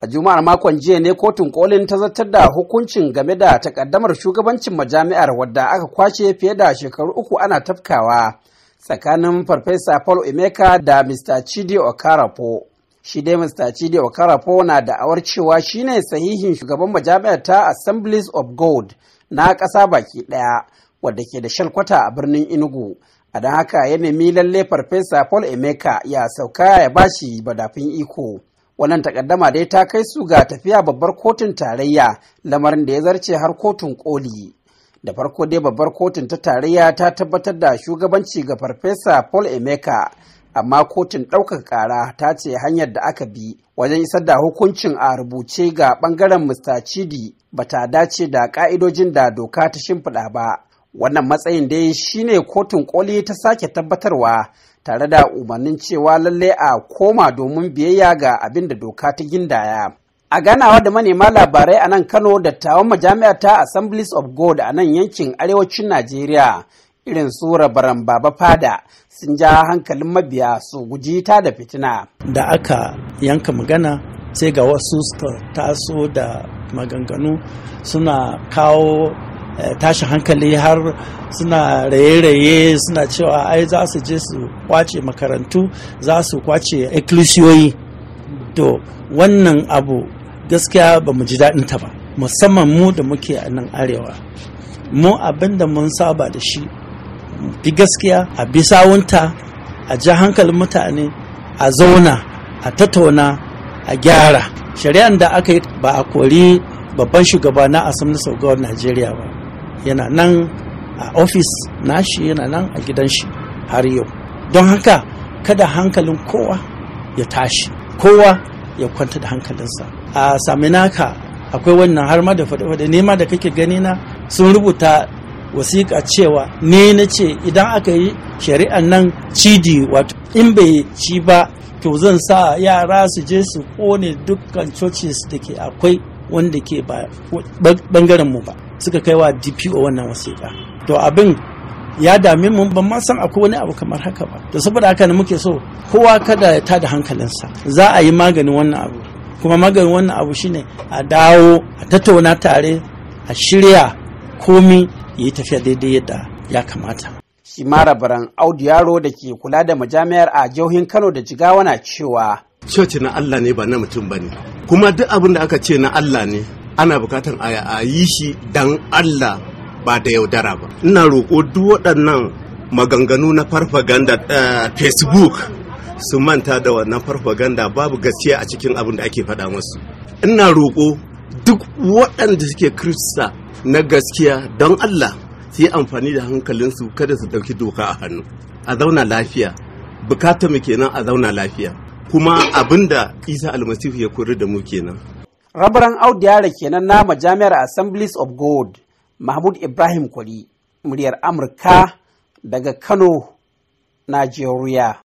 A Juma'ar makon jiya ne kotun kolin ta zartar da hukuncin game da takaddamar shugabancin majami'ar wadda aka kwace fiye da shekaru uku ana tafkawa tsakanin Farfesa Paul Emeka da Mr. Chidi Okarafo. Shi dai Mr. Chidi Okarafo na da awar cewa shine sahihin shugaban majami'ar ta Assemblies of Gold na ƙasa baki ɗaya wadda ke da shalkwata a birnin inugu, A don haka ya nemi lalle Farfesa Paul Emeka ya sauka ya bashi badafin iko. wannan takaddama dai ta kai su ga tafiya babbar kotun tarayya lamarin da ya zarce har kotun koli da farko dai babbar kotun ta tarayya ta tabbatar da shugabanci ga farfesa paul emeka amma kotun ɗaukaka ƙara ta ce hanyar da aka bi wajen isar da hukuncin a rubuce ga ɓangaren mr chidi ba ta dace da ƙa'idojin da doka ta shimfiɗa ba wannan matsayin dai shine kotun koli ta sake tabbatarwa tare da umarnin cewa lalle a koma domin biyayya ga abin da doka ta gindaya a ganawa da manema labarai a nan kano da dattawan majami'a ta assemblies of god a nan yankin arewacin najeriya irin su rabaran baba fada sun ja hankalin mabiya su guji ta da fitina da aka yanka magana sai ga wasu taso da maganganu suna kawo Tashin hankali har suna raye-raye suna cewa ai za su je su kwace makarantu za su kwace ekilisiyoyi to wannan abu gaskiya ba mu ji daɗin ta ba musamman mu da muke a nan arewa mu abin da mun saba da shi bi gaskiya a bi sawunta a ji hankalin mutane a zauna a tattauna a gyara shari'an da aka yi ba a kori babban shugaba na asamblin gawar najeriya ba yana nan a ofis nashi yana nan a gidan shi har yau don haka kada hankalin kowa ya tashi kowa ya kwanta da hankalinsa a saminaka akwai wannan har ma da faɗe-faɗe nema da kake gani na sun rubuta wasiƙa cewa ne na ce idan aka yi shari'an nan cidi wato in bai ci ba to zan sa yara su je su kone dukkan churches da ke akwai wanda ke ba bangaren mu ba suka kai wa DPO wannan wasiƙa to abin ya dame mu ban san akwai wani abu kamar haka ba to saboda haka ne muke so kowa kada ya tada hankalinsa za a yi maganin wannan abu kuma maganin wannan abu shine a dawo a tattauna tare a shirya komi yi tafiya daidai yadda ya kamata shi baran audu yaro da ke kula da majami'ar a jihohin kano da jigawa na cewa coci na allah ne ba na mutum ba ne kuma duk abin da aka ce na allah ne ana bukatan a yi shi dan Allah ba da yaudara ba ina roƙo duk waɗannan maganganu na farfaganda eh, facebook su manta da wannan farfaganda babu gaskiya a cikin abin da ake faɗa musu ina roƙo duk waɗanda suke kirista na gaskiya don allah su yi amfani da hankalinsu kada su ɗauki doka a hannu a zauna lafiya bukatar mu kenan a zauna lafiya kuma abin da isa almasihu ya kori da mu kenan rabaran audiyara kenan na jami'ar assemblies of god mahmud ibrahim kwari muryar amurka daga kano najeriya